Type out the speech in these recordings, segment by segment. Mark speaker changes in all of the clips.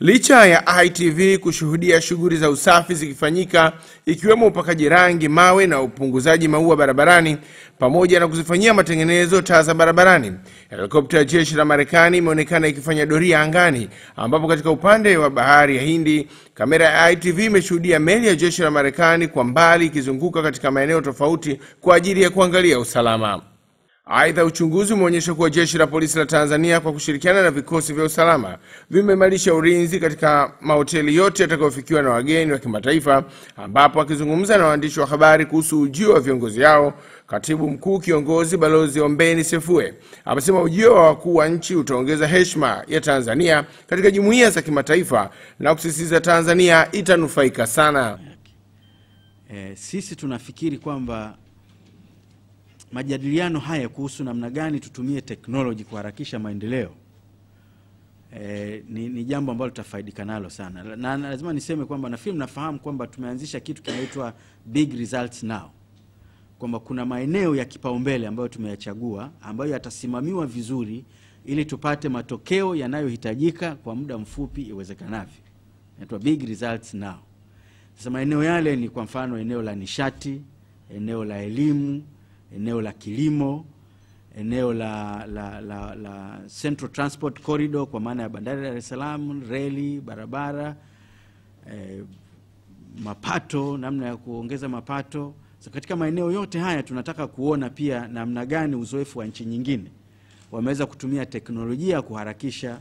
Speaker 1: Licha ya ITV kushuhudia shughuli za usafi zikifanyika ikiwemo upakaji rangi mawe na upunguzaji maua barabarani pamoja na kuzifanyia matengenezo taa za barabarani, helikopta ya jeshi la Marekani imeonekana ikifanya doria angani, ambapo katika upande wa bahari ya Hindi kamera ya ITV imeshuhudia meli ya jeshi la Marekani kwa mbali ikizunguka katika maeneo tofauti kwa ajili ya kuangalia usalama. Aidha, uchunguzi umeonyesha kuwa jeshi la polisi la Tanzania kwa kushirikiana na vikosi vya usalama vimeimarisha ulinzi katika mahoteli yote yatakayofikiwa na wageni wa kimataifa. Ambapo akizungumza na waandishi wa habari kuhusu ujio wa viongozi hao, katibu mkuu kiongozi Balozi Ombeni Sefue amesema ujio wa wakuu wa nchi utaongeza heshma ya Tanzania katika jumuiya za kimataifa na kusisitiza Tanzania itanufaika sana.
Speaker 2: Eh, sisi tunafikiri kwamba majadiliano haya kuhusu namna gani tutumie teknoloji kuharakisha maendeleo e, ni, ni jambo ambalo tutafaidika nalo sana na, na lazima niseme kwamba nafikiri mnafahamu kwamba tumeanzisha kitu kinaitwa big results now kwamba kuna maeneo ya kipaumbele ambayo tumeyachagua ambayo yatasimamiwa vizuri ili tupate matokeo yanayohitajika kwa muda mfupi iwezekanavyo inaitwa big results now sasa maeneo yale ni kwa mfano eneo la nishati eneo la elimu eneo la kilimo, eneo la, la, la, la Central Transport Corridor kwa maana ya bandari ya Dar es Salaam, reli, barabara eh, mapato, namna ya kuongeza mapato. So katika maeneo yote haya tunataka kuona pia namna gani uzoefu wa nchi nyingine wameweza kutumia teknolojia kuharakisha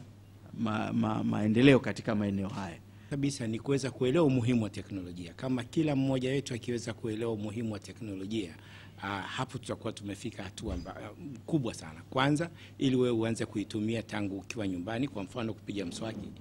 Speaker 2: ma, ma, maendeleo katika maeneo haya
Speaker 3: kabisa ni kuweza kuelewa umuhimu wa teknolojia. Kama kila mmoja wetu akiweza kuelewa umuhimu wa teknolojia, uh, hapo tutakuwa tumefika hatua ah, kubwa sana. Kwanza, ili wewe uanze kuitumia tangu ukiwa nyumbani, kwa mfano kupiga mswaki,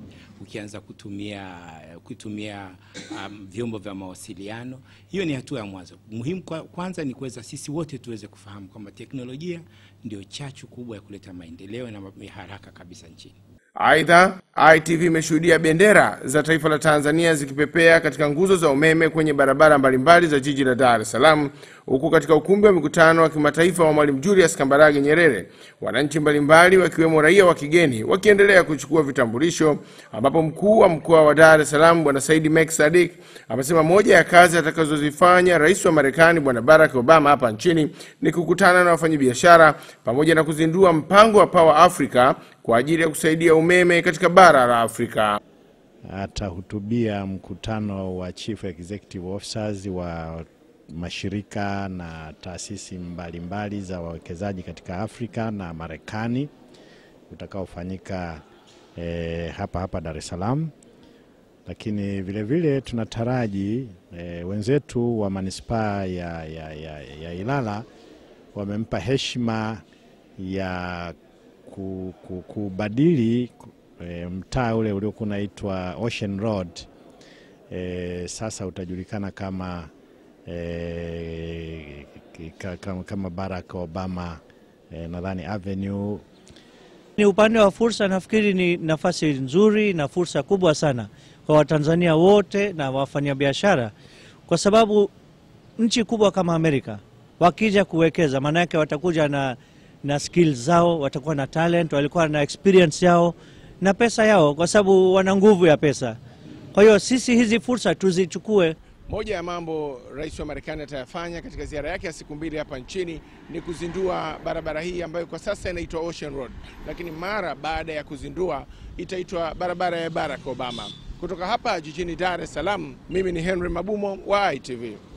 Speaker 3: ukianza kutumia, eh, kutumia um, ah, vyombo vya mawasiliano, hiyo ni hatua ya mwanzo. Muhimu kwa, kwanza ni kuweza sisi wote tuweze kufahamu kwamba teknolojia ndio chachu kubwa ya kuleta maendeleo na haraka kabisa nchini.
Speaker 1: Aidha, ITV imeshuhudia bendera za taifa la Tanzania zikipepea katika nguzo za umeme kwenye barabara mbalimbali za jiji la Dar es Salaam, huku katika ukumbi wa mikutano wa kimataifa wa Mwalimu Julius Kambarage Nyerere wananchi mbalimbali wakiwemo raia wa kigeni wakiendelea kuchukua vitambulisho, ambapo mkuu wa mkoa wa Dar es Salaam Bwana Saidi Mek Sadik amesema moja ya kazi atakazozifanya rais wa Marekani Bwana Barack Obama hapa nchini ni kukutana na wafanyabiashara pamoja na kuzindua mpango wa Power Africa kwa ajili ya kusaidia umeme katika bara la Afrika.
Speaker 4: Atahutubia mkutano wa chief executive officers wa mashirika na taasisi mbalimbali mbali za wawekezaji katika Afrika na Marekani utakaofanyika e, hapa hapa Dar es Salaam, lakini vilevile tunataraji e, wenzetu wa manispaa ya, ya, ya, ya Ilala wamempa heshima ya kubadili e, mtaa ule uliokuwa unaitwa Ocean Road e, sasa utajulikana kama e, kama, kama Barack Obama e, nadhani Avenue.
Speaker 5: Ni upande wa fursa, nafikiri ni nafasi nzuri na fursa kubwa sana kwa Watanzania wote na wafanyabiashara, kwa sababu nchi kubwa kama Amerika wakija kuwekeza, maana yake watakuja na na skills zao, watakuwa na talent, walikuwa na experience yao na pesa yao, kwa sababu wana nguvu ya pesa. Kwa hiyo sisi hizi fursa tuzichukue.
Speaker 6: Moja ya mambo rais wa Marekani atayafanya katika ziara yake ya siku mbili hapa nchini ni kuzindua barabara hii ambayo kwa sasa inaitwa Ocean Road, lakini mara baada ya kuzindua itaitwa barabara ya Barack Obama. Kutoka hapa jijini Dar es Salaam, mimi ni Henry Mabumo wa ITV.